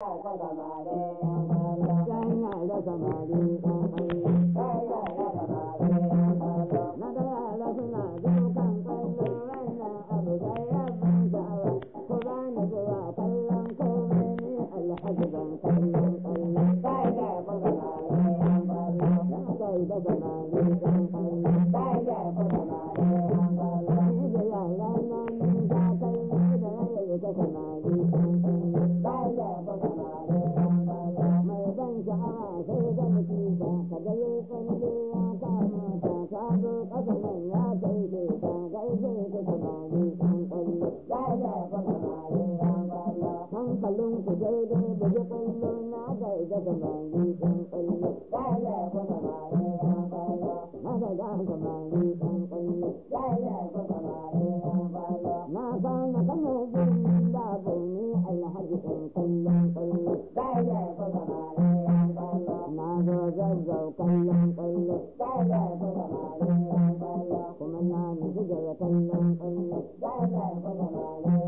Thank you. hankalin ku daidai da ji kallo na ga ida ga mani dan kallo dala ko ga mani dan kallo na ga ga ga mani dan kallo dala ko ga mani dan kallo na ga na ga na jin da alhaji kallo kallo ko kallo na ga ga ga kallo kallo ko kallo kuma na ni ga kallo kallo ko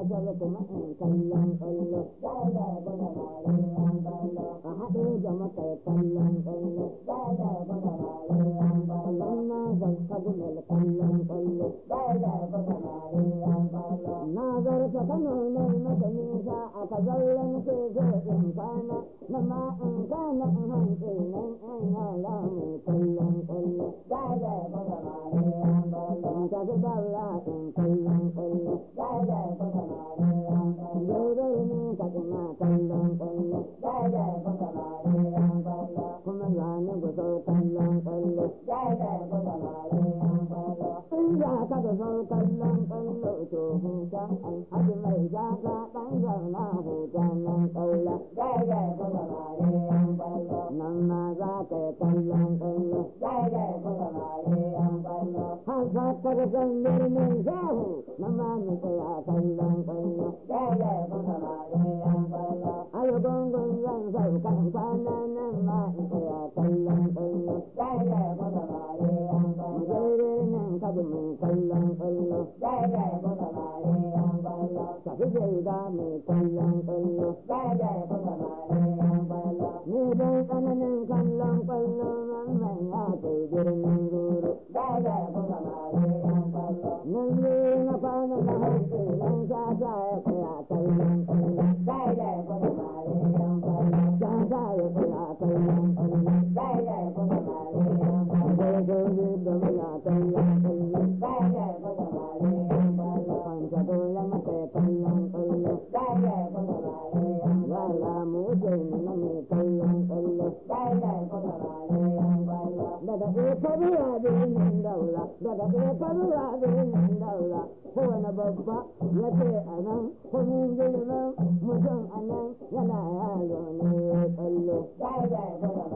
shajartun kallon kwallo a haɗe da makai kallon kwallo lamma mata a nan ku san kallon kallo. In za ka ku ɗan zauna huta nan ƙaula. ma za yi kallon Har za ka ku san birnin zahu nan ma mu tsaya zan ma kallon kallo tafi shaida mai kallon kallo ni dai tsananin kallon kallo mamman ya kai girman zuru nan ne na kwana na hausa nan shata ya kaya kallon kallo shata ya kaya kallon kallo Thank you. abinin daula daga shekaru abinin daula kowane babba ya ce a nan kunin girman mutum a nan yana yaro ne ya tsallo.